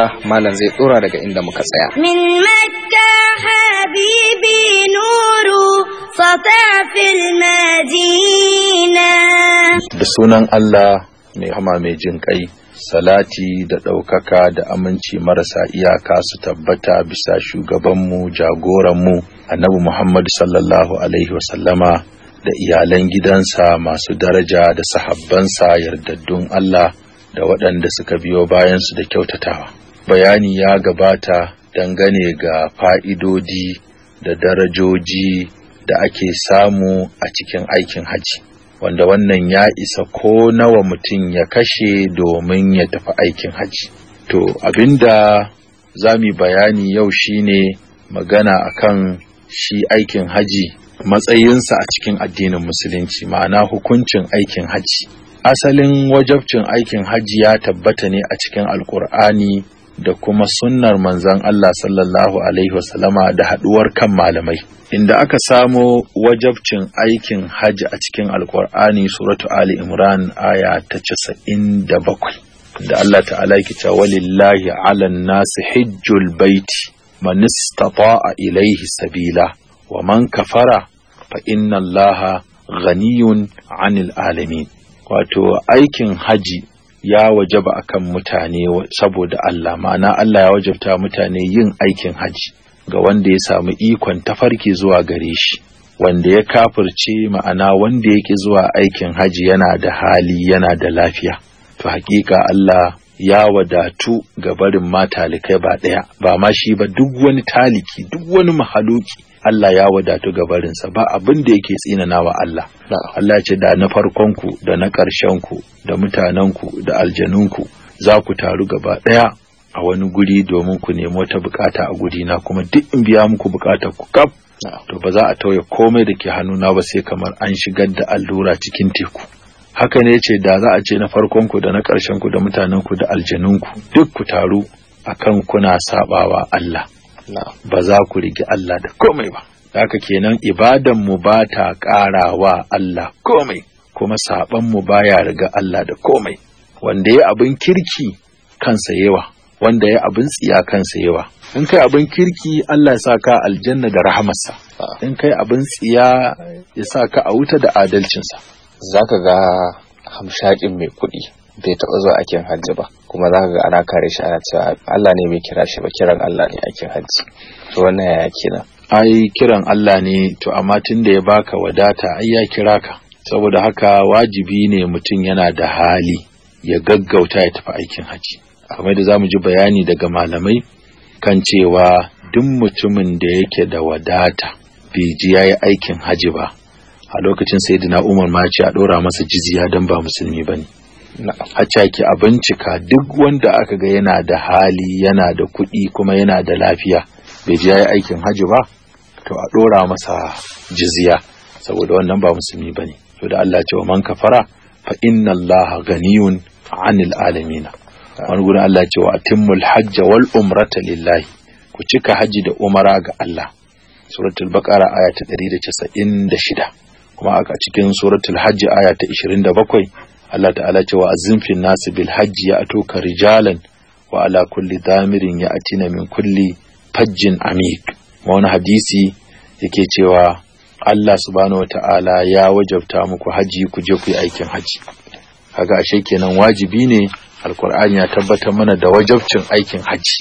ba malam zai tsora daga inda muka tsaya min makka habibi nuru fil madina da sunan Allah mai hama mai jin kai salati da ɗaukaka da aminci marasa iyaka su tabbata bisa shugabanmu jagoranmu annabi Muhammad sallallahu alaihi wasallama da iyalan gidansa masu daraja da sahabbansa yardaddun Allah da waɗanda suka biyo bayansu da kyautatawa. bayani ya gabata dangane ga fa'idodi da darajoji da ake samu a cikin aikin haji wanda wannan ya isa ko nawa mutum ya kashe domin ya tafi aikin haji to abinda za mu bayani yau shine magana akan shi aikin haji matsayinsa a cikin addinin musulunci ma'ana hukuncin aikin haji asalin wajabcin aikin haji ya tabbata ne a cikin alkur'ani da kuma sunnar manzon Allah sallallahu alaihi wasallama da haduwar kan malamai inda aka samo wajabcin aikin hajji a cikin alkur'ani suratu ali imran aya ta casa'in da bakwai. Da Allah ta'ala yake cewa walillahi 'alan nasi hijjul baiti man istata'a ilayhi sabila wa man kafara fa inna allaha ghaniyun 'anil alamin wato aikin haji ya wajaba akan mutane saboda Allah ma'ana Allah ya wajabta mutane yin aikin haji ga wanda ya samu ikon tafarki zuwa gare shi wanda ya kafirce ma'ana wanda yake zuwa aikin haji yana da hali yana da lafiya to hakika Allah ya wadatu ga barin ma talikai ba ɗaya ba ma shi ba duk wani taliki duk wani mahaluki Allah ya wadatu gabarinsa ba abin da yake tsinanawa Allah Allah ce da na farkonku da na ƙarshenku da mutanenku da aljanunku za ku taru gaba ɗaya a wani guri domin ku nemi wata bukata a guri na kuma duk in biya muku bukatar ku kaf to ba za a tauye komai da ke hannuna ba sai kamar an shigar da allura cikin teku haka ne ce da za a ce na farkonku da na ƙarshenku da mutanenku da aljanunku duk ku taru akan kuna sabawa Allah ba za ku rigi Allah da komai ba haka kenan ibadan mu ba ta ƙarawa Allah komai kuma saban mu baya riga Allah da komai wanda ya abin kirki kansa yawa wanda ya abin tsiya kansa yawa in kai abin kirki Allah ya sa ka aljanna da rahamarsa in kai abin tsiya ya sa ka a wuta da adalcinsa za ka ga hamshakin mai kuɗi bai taɓa zuwa aikin hajji ba kuma za ka ga ana kare shi ana cewa Allah ne bai kira shi ba kiran Allah ne aikin hajji to wannan yaya kenan ai kiran Allah ne to amma tun da ya baka wadata ai ya kira ka saboda haka wajibi ne mutum yana da hali ya gaggauta ya tafi aikin hajji kamar da zamu ji bayani daga malamai kan cewa duk mutumin da yake da wadata bai ji yayi aikin hajji ba a lokacin sayyidina Umar ma ce a dora masa jizya dan ba musulmi bane a caki a bincika duk wanda aka ga yana da hali yana da kuɗi kuma yana da lafiya bai je yayi aikin haji ba to a ɗora masa jizya saboda wannan ba musulmi ne. to da Allah ce wa man kafara fa inna Allah ganiyun anil alamin wani gurin Allah ce wa atimmul hajja wal umrata lillahi ku cika haji da umara ga Allah suratul baqara aya ta 196 kuma a cikin suratul hajji aya ta 27 Allah ta'ala cewa azzin nasu nasi bil hajji ya atoka rijalan wa ala kulli damirin ya atina min kulli fajjin amik wani hadisi yake cewa Allah subhanahu ta'ala ya wajabta muku haji ku je ku yi aikin haji kaga ashe kenan wajibi ne alkur'ani ya tabbatar mana da wajabcin aikin haji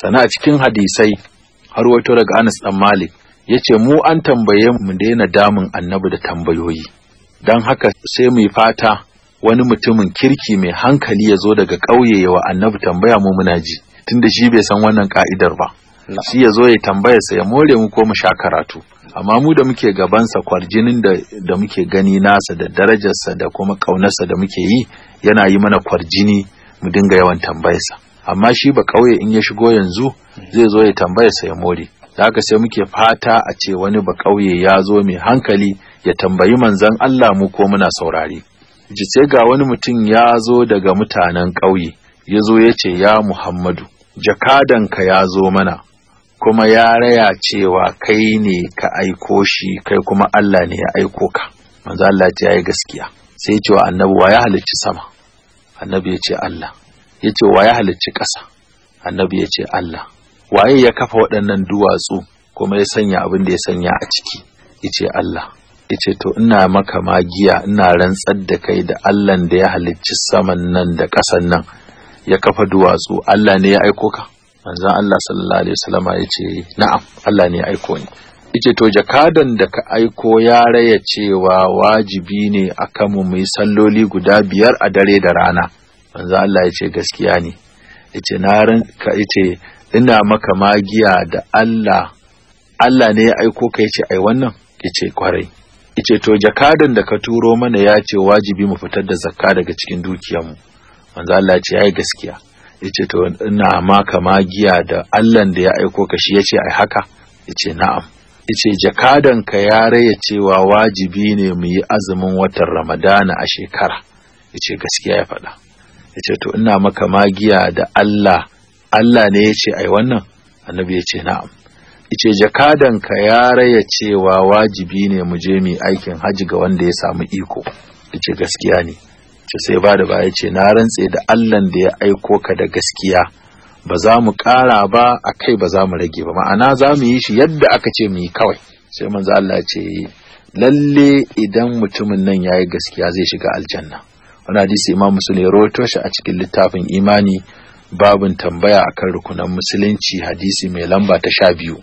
sana a cikin hadisai har wato daga Anas dan Malik yace mu an tambaye mu daina damun annabi da tambayoyi don haka sai mu fata wani mutumin kirki mai hankali ya zo daga ƙauye yawa annabi tambaya mu muna ji tunda shi bai san wannan ka'idar ba shi ya zo ya tambaya sa ya more mu ko mu sha karatu amma mu da muke gabansa kwarjinin da da muke gani nasa da darajarsa da kuma ƙaunarsa da muke yi yana yi mana kwarjini mu dinga yawan tambayarsa amma shi ba ƙauye in ya shigo yanzu zai zo ya tambayarsa ya more da haka sai muke fata a ce wani ba ƙauye ya zo mai hankali ya tambayi manzan Allah mu ko muna saurare ji sai ga wani mutum ya zo daga mutanen ƙauye ya zo ya ce ya Muhammadu jakadan ka ya zo mana kuma ya raya cewa kai ne ka aiko shi kai kuma Allah ne ya aiko ka Manzan Allah ya yi gaskiya sai ya ce wa annabi wa ya halicci sama annabi ya ce Allah ya ce wa ya halicci ƙasa annabi ya ce Allah waye ya kafa waɗannan duwatsu kuma ya sanya abin da ya sanya a ciki yace Allah yace to ina maka magiya ina rantsar da kai da Allah da ya halicci saman nan da ƙasan nan ya kafa duwatsu Allah ne ya aiko ka manzon Allah sallallahu alaihi wasallama yace na'am Allah ne ya aiko ni yace to jakadan da ka aiko ya raya cewa wajibi ne a mu mu yi salloli guda biyar a dare da rana manzon Allah yace gaskiya ne yace na ran ka yace ina maka magiya da Allah Allah ne ya aiko ka yace ai wannan yace kwarai yace to jakadan da ka turo mana ya ce wajibi mu fitar da zakka daga cikin dukiyarmu manzo Allah ya ce ai gaskiya yace to ina maka magiya da Allah da ya aiko ka shi yace ai haka yace na'am yace jakadan ka ya raya cewa wajibi ne mu yi azumin watan Ramadana a shekara yace gaskiya ya faɗa yace to ina maka magiya da Allah Allah ne ya ce ai wannan annabi ya ce na'am ice jakadanka ya raya cewa wajibi ne mu je mu aikin haji ga wanda ya samu iko ice gaskiya ne ce sai ba da ya ce na rantse da Allah da ya aiko ka da gaskiya ba za mu kara ba a kai ba za mu rage ba ma'ana za mu yi shi yadda aka ce mu yi kawai sai manzo Allah ce lalle idan mutumin nan yayi gaskiya zai shiga aljanna wani hadisi imam musulun ya rawaito shi a cikin littafin imani babin tambaya akan rukunan musulunci hadisi mai lamba ta sha biyu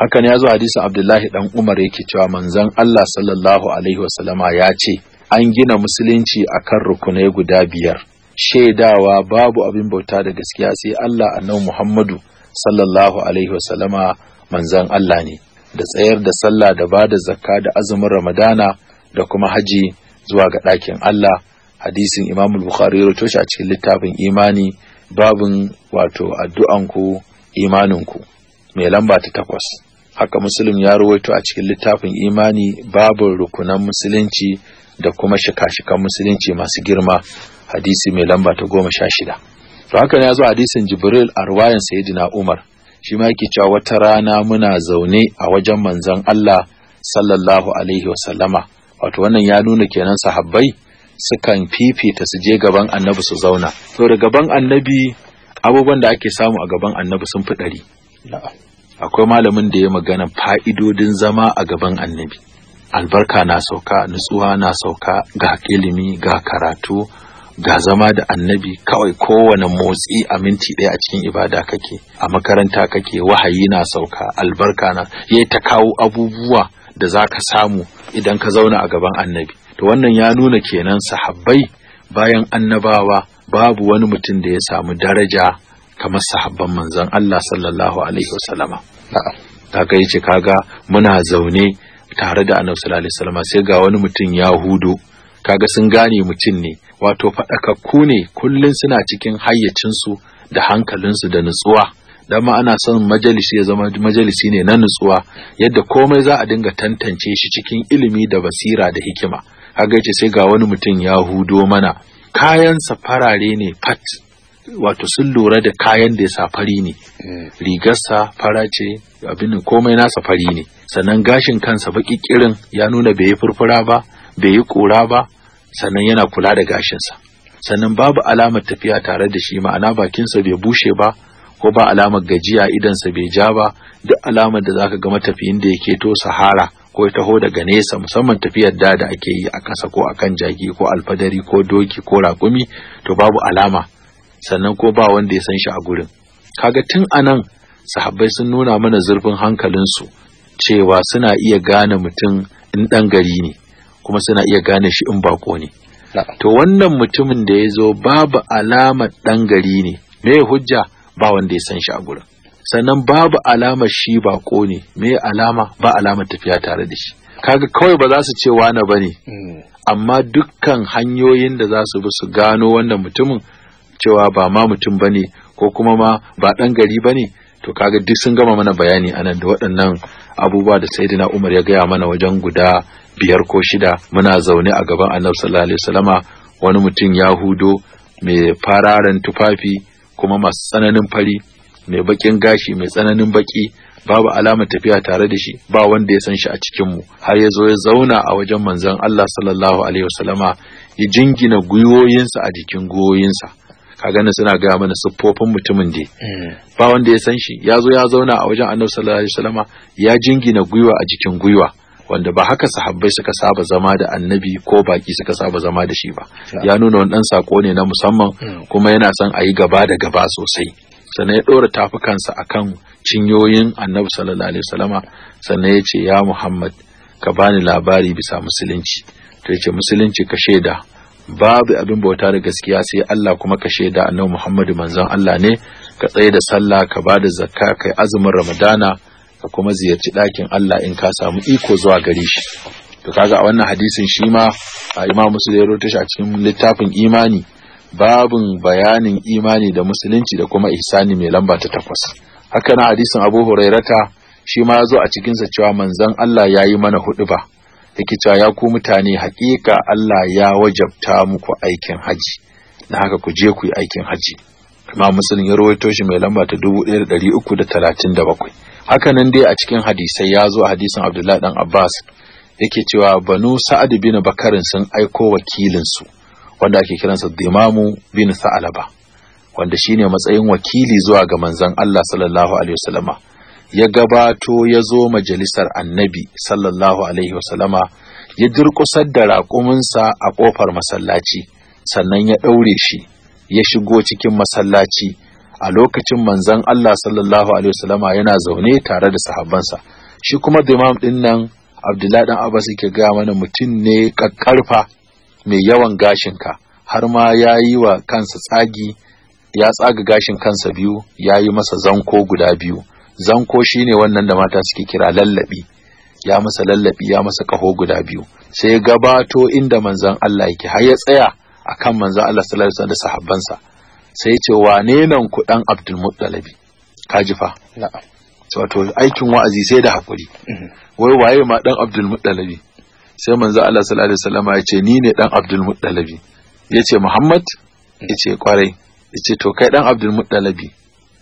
hakan ya zo hadisin abdullahi ɗan umar yake cewa manzan allah sallallahu alaihi wasallama ya ce an gina musulunci akan rukunai guda biyar shaidawa babu abin bauta da gaskiya sai allah a nan muhammadu sallallahu alaihi wasallama manzan allah ne da tsayar da sallah da ba da zakka da azumin ramadana da kuma haji zuwa ga ɗakin allah hadisin imamul bukhari ya a cikin littafin imani babin wato addu'anku imaninku mai lamba ta takwas haka musulun ya ruwaito a cikin littafin imani babin rukunan musulunci da kuma shika-shikan musulunci masu girma hadisi mai lamba ta goma sha shida to haka ne ya zo hadisin jibril a ruwayan sayidina umar shi ma yake cewa wata rana muna zaune a wajen manzon allah sallallahu alaihi wasallama wato wannan ya nuna kenan sahabbai sukan fifita su je gaban annabi su zauna to da gaban annabi abubuwan da ake samu a gaban annabi sun fi ɗari akwai malamin da ya magana fa'idodin zama a gaban annabi albarka na sauka nutsuwa na sauka ga ilimi ga karatu ga zama da annabi kawai kowane motsi a minti ɗaya a cikin ibada kake a makaranta kake wahayi na sauka albarka na ya ta kawo abubuwa da za ka samu idan ka zauna a gaban annabi to wannan ya nuna kenan sahabbai bayan annabawa babu wani mutum da ya samu daraja kamar sahabban manzon Allah sallallahu alaihi wasallama kaga yace kaga muna zaune tare da annabi sallallahu alaihi wasallama sai ga wani mutum ya hudu kaga sun gane mutum ne wato faɗakakku ne kullum suna cikin hayyacinsu da hankalinsu da nutsuwa dama ana son majalisi ya zama majalisi ne na nutsuwa yadda komai za a dinga tantance shi cikin ilimi da basira da hikima kaga ce sai ga wani mutum ya hudo mana kayansa farare ne fat wato sun lura da kayan da ya safari ne mm. rigarsa fara ce abin komai nasa fari ne sannan gashin kansa baki kirin ya nuna bai yi furfura ba bai yi kura ba sannan yana kula da gashinsa sannan babu alamar tafiya tare da shi ma'ana bakinsa bai bushe ba ko ba alamar gajiya idansa bai ja ba duk alamar da zaka ga matafiyin da yake to sahara ko ya taho daga nesa musamman tafiyar da da ake yi a ƙasa ko akan jaki ko alfadari ko doki ko raƙumi to babu alama sannan ko ba wanda ya san shi a gurin kaga tun anan sahabbai sun nuna mana zurfin hankalinsu cewa suna iya gane mutum in ɗan gari ne kuma suna iya gane shi in bako ne to wannan mutumin da ya zo babu alama ɗan gari ne me hujja ba wanda ya san shi a gurin sannan babu alama shi bako ne me alama ba alamar tafiya tare da shi kaga kawai ba za su ce wane ba ne hmm. amma dukkan hanyoyin da za su bi su gano wannan mutumin cewa ba ma mutum ba ne ko kuma ma ba ɗan gari ba ne to kaga duk sun gama mana bayani anan da waɗannan abubuwa da saidina umar ya gaya mana wajen guda biyar ko shida muna zaune a gaban annabi sallallahu alaihi wasallama wani mutum yahudo mai fararen tufafi kuma masu tsananin fari mai bakin gashi mai tsananin baki babu alamar tafiya tare da shi ba wanda ya san shi a cikin mu har ya zo ya zauna a wajen manzon Allah sallallahu alaihi wasallama ya jingina gwiwoyinsa a jikin gwiwoyinsa Ka nan suna gaya mana siffofin mutumin da hmm. ba wanda ya san shi ya zo ya zauna a wajen annabi sallallahu alaihi wasallama ya jingina gwiwa a jikin gwiwa wanda ba haka sahabbai suka saba zama da annabi ko baki suka saba zama da shi ba ya nuna wani dan sako ne na musamman hmm. kuma yana son a yi gaba da gaba sosai sannan ya ɗora tafukansa kan cinyoyin annabi sallallahu alaihi wasallama sannan ya ce ya muhammad ka bani labari bisa musulunci to ya ce musulunci ka shaida babu abin bauta da gaskiya sai Allah kuma ka shaida annabi muhammad manzon Allah ne ka tsaye da sallah ka ba da zakka kai azumin ramadana ka kuma ziyarci dakin Allah in ka samu iko zuwa gare shi to kaga a wannan hadisin shi ma imam muslim ya rote shi a cikin littafin imani babin bayanin imani da musulunci da kuma ihsani mai lamba ta takwas haka na hadisin abu hurairata shi ma zo a cikinsa cewa manzon Allah ya yi mana ba yake cewa ya ku mutane haƙiƙa Allah ya wajabta muku aikin haji na haka ku je ku yi aikin haji kuma musulun ya rawaito shi mai lamba ta 1337 haka nan dai a cikin hadisai ya zo a hadisin Abdullahi dan Abbas yake cewa banu Sa'ad bin Bakarin sun aiko wakilinsu wanda ake kiransa Dimamu bin Sa'alaba wanda shine matsayin wakili zuwa ga manzon Allah sallallahu alaihi wasallama ya gabato ya zo majalisar annabi sallallahu alaihi wasallama ya durkusar da raƙuminsa a ƙofar masallaci sannan ya ɗaure shi ya shigo cikin masallaci a lokacin manzon Allah sallallahu alaihi wasallama yana zaune tare da sahabbansa shi kuma Dimam din nan Abdullahi dan Abbas yake gaya mana mutum ne ƙaƙƙarfa mai yawan gashinka har ma ya yi wa kansa tsagi ya tsaga gashin kansa biyu ya yi masa zanko guda biyu zanko shi ne wannan da mata suke kira lallabi ya masa lallabi ya masa kaho guda biyu sai ya gabato inda manzan Allah yake har ya tsaya a kan manzan Allah sallallahu alaihi wasallam sahabbansa sai ya ce wane nan ku dan Abdul Muttalib kaji wato aikin wa'azi sai da hakuri mm-hmm. wai waye ma dan Abdul sai manzo Allah sallallahu alaihi wasallam ya ce ni ne dan Abdul Ya yace Muhammad yace kwarai yace to kai dan Abdul Muttalibi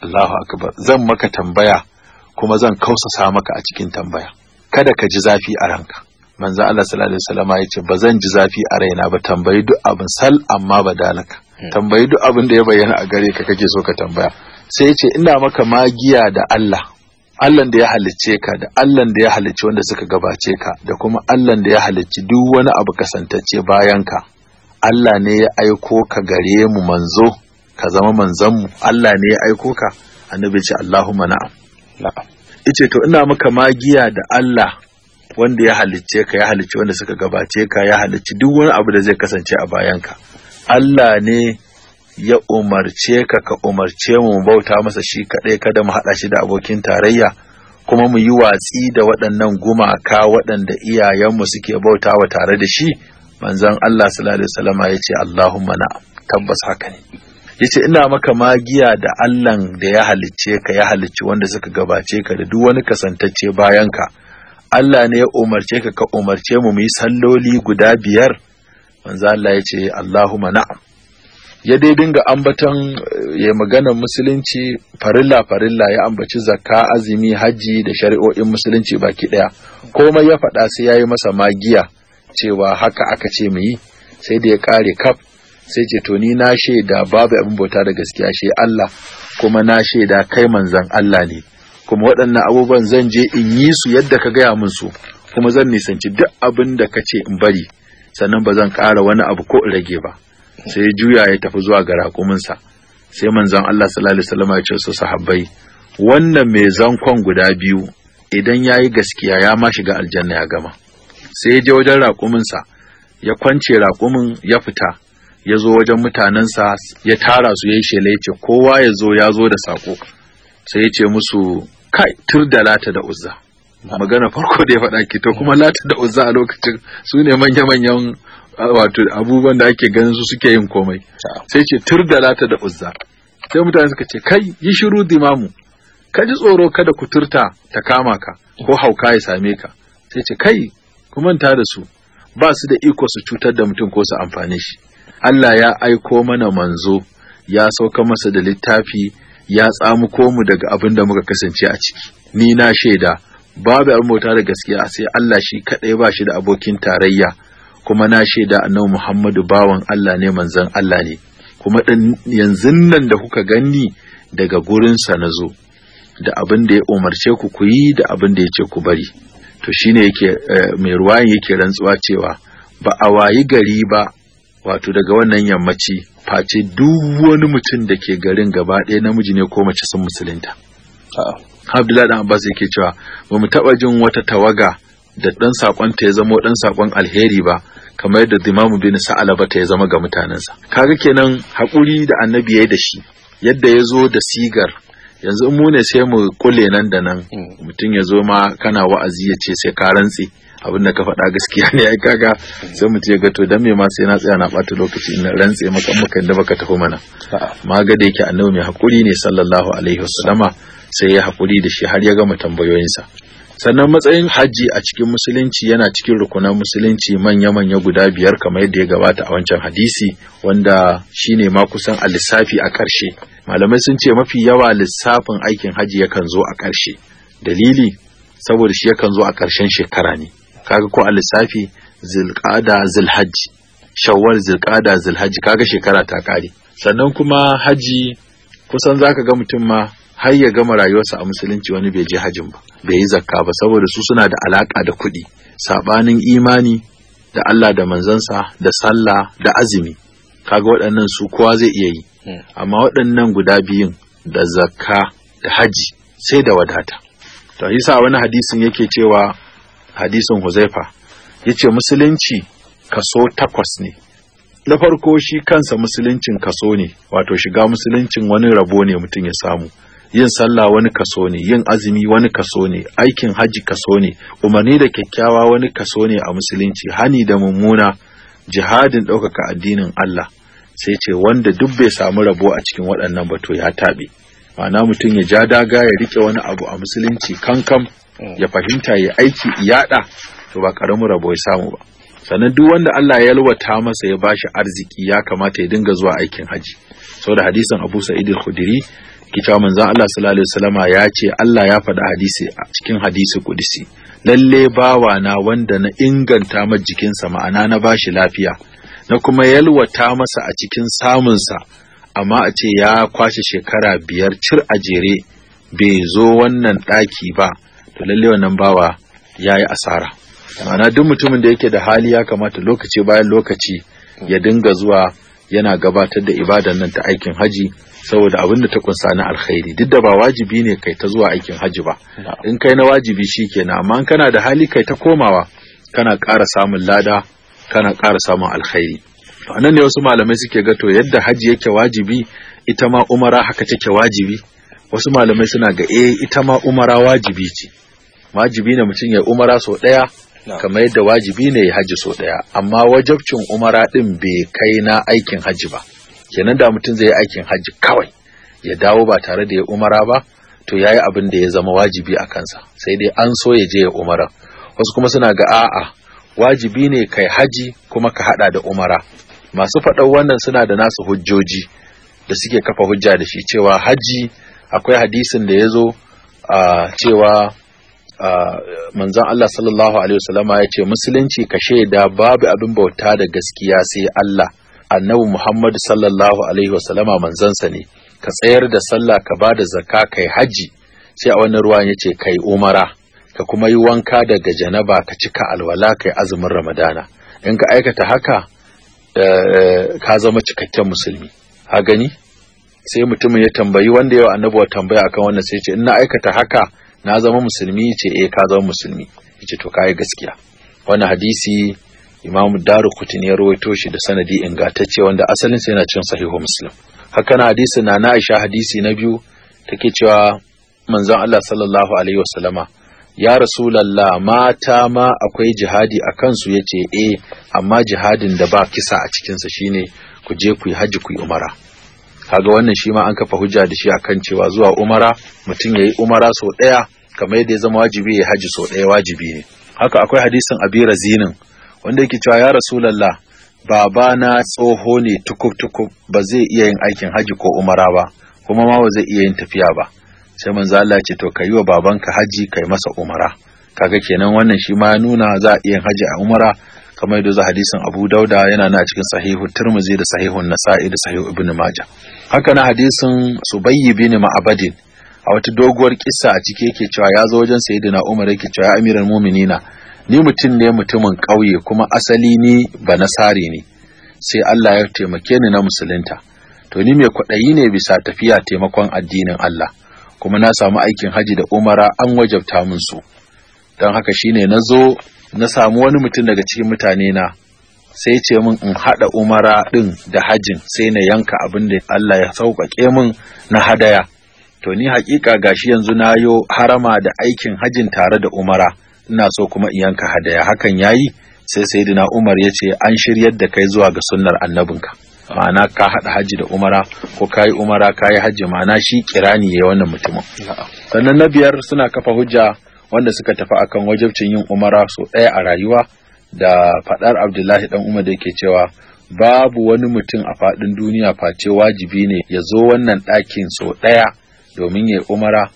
Allahu akbar zan maka tambaya kuma zan kausasa maka a cikin tambaya kada ka ji zafi a ranka manzo Allah sallallahu alaihi wasallam yace ba zan ji zafi a raina ba tambayi duk abin sal amma ba dalaka. Hmm. tambayi duk abin da ya bayyana a gare ka kake so ka tambaya sai yace ina maka magiya da Allah Allahn da ya halicce ka da Allahn da ya halicci wanda suka gabace ka da kuma Allahn da ya halicci duk wani abu kasantacce bayan ka Allah ne ya aiko ka gare mu manzo ka zama manzon mu Allah ne ya aiko ka annabi ce Allahumma na'am na'am ice to ina maka magiya da Allah wanda ya halicce ka ya halicci wanda suka gabace ka ya halicci duk wani abu da zai kasance a bayan ka Allah ne ya umarce ka ka umarce mu bauta masa shi kaɗai kada mu haɗa shi da abokin tarayya kuma mu yi watsi da waɗannan gumaka waɗanda iyayenmu suke bautawa tare da shi manzon Allah sallallahu alaihi wasallam ya ce Allahumma na tabbas haka ne yace ina maka magiya da Allahn da ya halicce ka ya halicci wanda suka gabace ka da duk wani kasantacce bayan ka Allah ne ya umarce ka ka umarce mu mu yi salloli guda biyar manzo Allah ya ce Allahumma na'am ya dai dinga ambatan eh, ya magana musulunci farilla farilla ya ambaci zakka azumi hajji da shari'o'in musulunci baki daya komai ya faɗa sai ya yi masa magiya cewa haka aka ce mu yi sai da ya ƙare kaf sai ce to ni na shaida babu abin bauta da gaskiya shi Allah kuma na shaida kai manzon Allah ne kuma waɗannan abubuwan zan je in yi su yadda ka gaya min su kuma zan nisanci duk abin da ka ce in bari sannan ba zan ƙara wani abu ko in rage ba sai juya ya tafi zuwa ga raƙuminsa sai manzon Allah sallallahu alaihi wasallam ya ce su sahabbai wannan mai zankon guda biyu idan yayi gaskiya ya ma shiga aljanna ya gama sai ya je wajen raƙuminsa ya kwance raƙumin ya fita ya zo wajen mutanensa ya tara su ya yi shela ya ce kowa ya zo ya zo da saƙo sai ya ce musu kai tur da lata da uzza magana farko da ya faɗa ki kuma lata da uzza a lokacin su ne manya-manyan wato abubuwan da ake ganin su suke yin komai sai ce tur da lata da uzza sai mutane suka ce kai yi shiru dimamu ka ji tsoro kada ku turta ta kama ka ko hauka ya same ka sai ce kai ku manta da su ba su da iko su cutar da mutum ko su amfane shi Allah ya aiko mana manzo ya sauka masa da littafi ya tsamu komu daga abin da muka kasance a ciki ni na shaida babu abin bauta da gaskiya sai Allah shi kadai ba shi da abokin tarayya kuma na shaida annabi Muhammadu bawan Allah ne manzon Allah ne kuma dan yanzu nan da kuka gani daga gurinsa na zo da abin da ya umarce ku ku yi da abin da ya ce ku bari to shine yake eh, mai ruwayan yake rantsuwa cewa ba a wayi gari ba wato daga wannan yammaci face duk wani mutum da ke garin gaba ɗaya namiji ne ko mace sun musulunta Abdullahi dan Abbas yake cewa ba mu taɓa jin wata tawaga da ɗan ta ya zama ɗan sakon alheri ba kamar yadda Dimamu bin Sa'alaba ta ya zama ga mutanensa kaga kenan hakuri da annabi yayi da shi yadda ya zo da sigar yanzu mu ne sai mu kule nan da nan hmm. mutum ya zo ma kana wa'azi ya ce sai ka rantse abin da ka faɗa gaskiya ne ai kaga sai mu ce ga to dan me ma sai na tsaya na ɓata lokaci ina rantse maka maka inda baka tafi mana ma ga da yake annabi mai hakuri ne sallallahu alaihi wasallama sai ya hakuri da shi har ya gama tambayoyinsa sannan matsayin haji a cikin musulunci yana cikin rukunan musulunci manya-manya guda biyar kamar yadda ya gabata a wancan hadisi wanda shine ma kusan a lissafi a ƙarshe malamai sun ce mafi yawa lissafin aikin haji yakan zo a ƙarshe dalili saboda shi yakan zo a ƙarshen shekara ne kaga ko a lissafi zilƙada zilhaji, shawwal zilƙada zilhaji, kaga shekara ta ƙare sannan kuma haji kusan zaka ga mutum ma har ya gama rayuwarsa a musulunci wani bai je hajin ba bai yi zakka ba saboda su suna da alaka da kuɗi sabanin imani da Allah da manzansa da sallah da azumi kaga waɗannan su kowa zai iya yi hmm. amma waɗannan guda biyun da zakka da haji sai da wadata to yasa wani hadisin yake cewa hadisin Huzaifa yace musulunci kaso takwas ne na farko shi kansa musuluncin kaso ne wato shiga musuluncin wani rabo ne mutum ya samu yin sallah wani kaso ne yin azumi wani kaso ne aikin hajji kaso ne umarni da kyakkyawa wani kaso ne a musulunci hani da mummuna jihadin ɗaukaka addinin Allah sai ce wanda duk bai samu rabo a cikin waɗannan ba ya taɓe ma'ana mutum ya ja daga ya rike wani abu a musulunci kankam mm. ya fahimta ya aiki yaɗa to ba ƙaramin rabo ya samu ba sannan duk wanda Allah ya yalwata masa ya bashi arziki ya kamata ya dinga zuwa aikin haji saboda hadisin Abu Sa'id al-Khudri ki mun manzon Allah sallallahu alaihi wasallama ya ce Allah ya faɗa hadisi a cikin hadisi kudisi lalle bawa na wanda na inganta ma jikinsa ma'ana na bashi lafiya na kuma yalwata masa a cikin samun sa amma a ce ya kwashe shekara biyar cir a jere bai zo wannan ɗaki ba to lalle wannan bawa ya yi asara ma'ana duk mutumin da yake da hali ya kamata lokaci bayan lokaci ya dinga zuwa yana gabatar da ibadan nan ta aikin haji saboda abin da ta kunsa na alkhairi duk da ba wajibi ne kai ta zuwa aikin haji ba in kai na wajibi shi shikenan amma in kana da hali kai ta komawa kana ƙara samun lada kana ƙara samun alkhairi to anan ne wasu malamai suke ga to yadda haji yake wajibi ita ma umara haka take wajibi wasu malamai suna ga eh ita ma umara wajibi ce wajibi ne mutum ya umara sau ɗaya kamar yadda wajibi ne ya haji so ɗaya. amma wajabcin umara ɗin bai kai na aikin haji ba kenan da mutum zai yi aikin haji kawai ya dawo ba tare da ya umara ba to yayi abin da ya zama wajibi a kansa sai dai an so ya je ya umara wasu kuma suna ga a'a wajibi ne kai haji kuma ka hada da umara masu faɗar wannan suna da nasu hujjoji da suke kafa hujja da shi cewa haji akwai hadisin da ya zo a cewa manzon Allah sallallahu alaihi wasallama ya ce musulunci ka shaida babu abin bauta da gaskiya sai Allah annabi Muhammad sallallahu alaihi wasallama manzansa ne ka tsayar da sallah ka ba da zakka kai haji sai a wannan ruwan ya ce kai umara ka kuma yi wanka daga janaba ka cika alwala kai azumin ramadana in ka aikata haka eh, eh, ka zama cikakken musulmi ha gani sai mutumin ya tambayi wanda ya annabi wa tambaya akan wannan sai ce in na aikata haka na zama musulmi ce eh ka zama musulmi yace to kai gaskiya wani hadisi imamu daru kutini ya rawaito shi da sanadi ingantacce wanda asalin sa yana cikin sahihu muslim haka na hadisi na na aisha hadisi na biyu take cewa manzon Allah sallallahu alaihi wasallama ya rasulullah mata ma akwai jihadi a kansu yace e. eh amma jihadin da ba kisa a cikinsa shine ku je ku yi haji ku yi umara kaga wannan shi ma an kafa hujja da shi akan cewa zuwa umara mutum yayi umara sau daya kamar yadda ya zama wajibi ya haji sau daya wajibi ne haka akwai hadisin abira zinin wanda yake cewa ya rasulullah babana tsoho ne tukub tukub ba zai iya yin aikin haji ko umara ba kuma ma ba zai iya yin tafiya ba sai manzo Allah ce to kai wa babanka haji kai masa umara kaga kenan wannan shi ma nuna za a iya haji a umara kamar yadda za hadisin Abu Dauda yana na cikin sahihu Tirmidhi da sahihun Nasa'i da sahihu Ibn Majah haka na hadisin su subayyi bin ma'abadin a wata doguwar kisa a ciki yake cewa ya zo wajen sayi na umar yake cewa ya amiral muminina ni mutum ne mutumin ƙauye kuma asali ni ba nasari ne sai Allah ya taimake ni na musulunta to ni mai kwaɗayi ne bisa tafiya taimakon addinin Allah kuma na samu aikin haji da umara an wajabta min su don haka shine na zo na samu wani mutum daga cikin mutane na sai ce min in haɗa umara ɗin da hajin, sai na yanka abin da Allah ya sauƙaƙe min na hadaya to ni haƙiƙa gashi yanzu na yo harama da aikin hajin tare da umara ina so kuma in yanka hadaya hakan yayi sai sayyidina Umar ya ce an shiryar da kai zuwa ga sunnar annabinka ma'ana ka haɗa haji da umara ko ka yi umara ka yi haji ma'ana shi kirani ya wannan mutumin sannan na biyar suna kafa hujja wanda suka tafi akan wajabcin yin umara so ɗaya a rayuwa da faɗar abdullahi ɗan umar da yake cewa babu wani mutum a faɗin duniya face wajibi ne ya zo wannan ɗakin sau ɗaya domin ya umara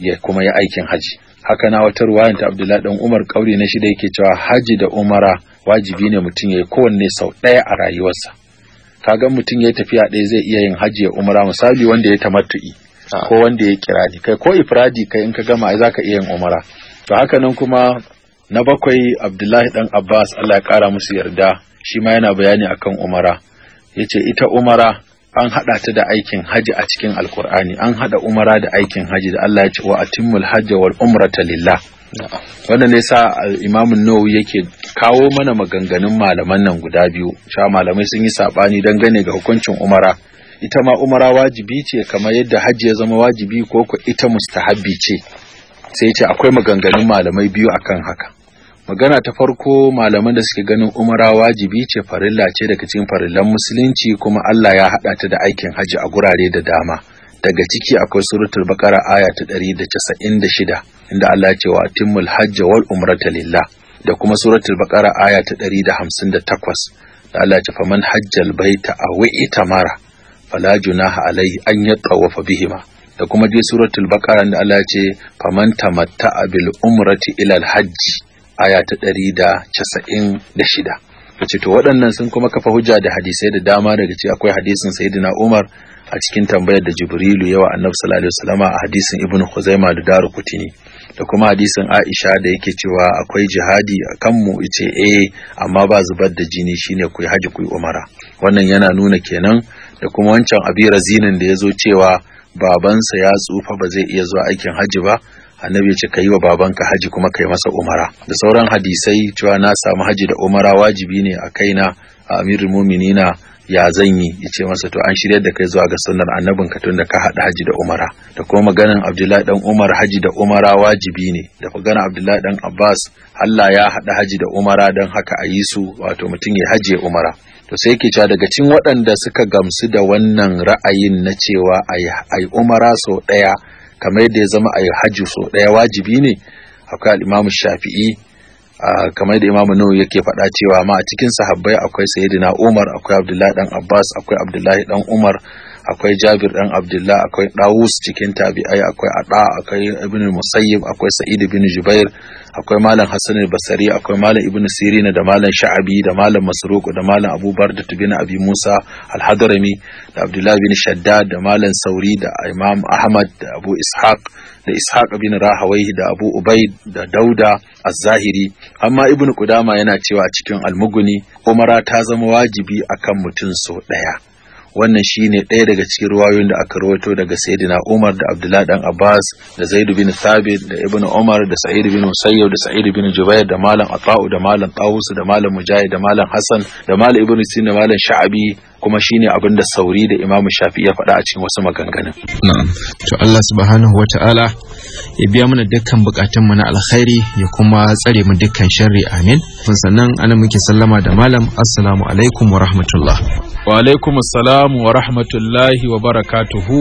ya kuma ya aikin haji haka na wata ruwayan ta abdullahi dan umar kauri na shida yake cewa haji da umara wajibi ne mutum ya yi kowanne sau ɗaya a rayuwarsa kaga mutum ya tafiya ɗaya zai iya yin haji ya umara misali wanda ya tamattu'i ah. ko wanda ya kirani kai ko ifradi kai in ka gama ai zaka iya yin umara to haka nan kuma na bakwai abdullahi dan abbas allah ya kara musu yarda shi ma yana bayani akan umara ya ce ita umara an haɗa ta da aikin haji a cikin alkur'ani an haɗa umara da aikin haji da allah ya ce wa atimul hajja wal umrata lillah wannan ne sa eh, imamun nawawi yake kawo mana maganganun malaman nan guda biyu sha malamai sun yi saɓani sabani gane ga hukuncin umara ita ma umara wajibi ce kamar yadda hajji ya zama wajibi ko ko ita mustahabbi ce sai ce akwai maganganun malamai biyu akan haka magana ta farko malaman da suke ganin umara wajibi ce farilla ce daga cikin farillan musulunci kuma Allah ya haɗa ta da aikin hajji a gurare da dama daga ciki akwai suratul baqara aya ta 196 inda Allah ya ce wa timmul hajja wal umrata lillah da kuma suratul baqara aya ta 158 da Allah ya ce faman hajjal baita aw itamara fala junaha alaihi an yatawafa bihima da kuma dai suratul baqara da Allah ya ce faman tamatta'a bil umrati ila al hajji aya ta ɗari da casa'in da shida ta ce to waɗannan sun kuma kafa hujja da hadisai da dama daga ce akwai hadisin sayyidina umar a cikin tambayar da jibrilu yawa annabi sallallahu alaihi a hadisin ibnu khuzaima da daru kutini da kuma hadisin aisha da yake cewa akwai jihadi a kanmu ice e eh, amma ba zubar da jini shine ku haji ku umara wannan yana nuna kenan da kuma wancan abi razinin da ya zo cewa babansa ya tsufa ba zai iya zuwa aikin haji ba annabi ya ce ka yi wa babanka haji kuma ka masa umara da sauran hadisai cewa na samu haji da umara wajibi ne a kaina a amirul muminina ya zan yi ya ce masa to an shirya da kai zuwa ga sunnar annabin ka tun da ka haɗa haji da umara da kuma maganin abdullahi dan umar haji da umara wajibi ne da maganin abdullahi dan abbas allah ya haɗa haji da umara don haka a yi su wato mutum ya haji umara to sai yake cewa daga cikin waɗanda suka gamsu da wannan ra'ayin na cewa a umara sau ɗaya kamar yadda ya zama a hajji so ɗaya wajibi ne akwai al'imamu shafi'i kamar da imamu nawawi yake faɗa cewa ma a cikin sahabbai akwai sayyidina umar akwai abdullahi dan abbas akwai abdullahi dan umar akwai jabir dan abdullah akwai dawus cikin tabi'ai akwai ada akwai ibn musayyib akwai sa'id bin jubair akwai malam hasan basari akwai malam ibn sirina da malam sha'abi da malam masruq da malam abubar da bin abi musa al-hadrami da abdullah bin shaddad da malam sauri da imam ahmad da abu ishaq da ishaq bin rahawai da abu ubaid da dauda az-zahiri amma ibn qudama yana cewa cikin al-mughni umara ta zama wajibi akan mutum so daya wannan shine ɗaya daga cikin ruwayoyin da aka rawaito daga sayyidina Umar da Abdullah dan Abbas da Zaid bin Thabit da Ibn Umar da Sa'id bin Musayyib da Sa'id bin Jubair da Malam Atha'u da Malam Tawus da Malam Mujahid da Malam Hassan da Malam Ibn Sina da Malam Sha'abi kuma shine abin da Sauri da Imam Shafi'i ya faɗa a cikin wasu maganganun na'am to Allah subhanahu wata'ala ya biya mana dukkan bukatun mu na alkhairi ya kuma tsare mu dukkan sharri amin sannan ana muke sallama da malam assalamu alaikum wa rahmatullah wa alaikum assalam wa rahmatullahi wa barakatuhu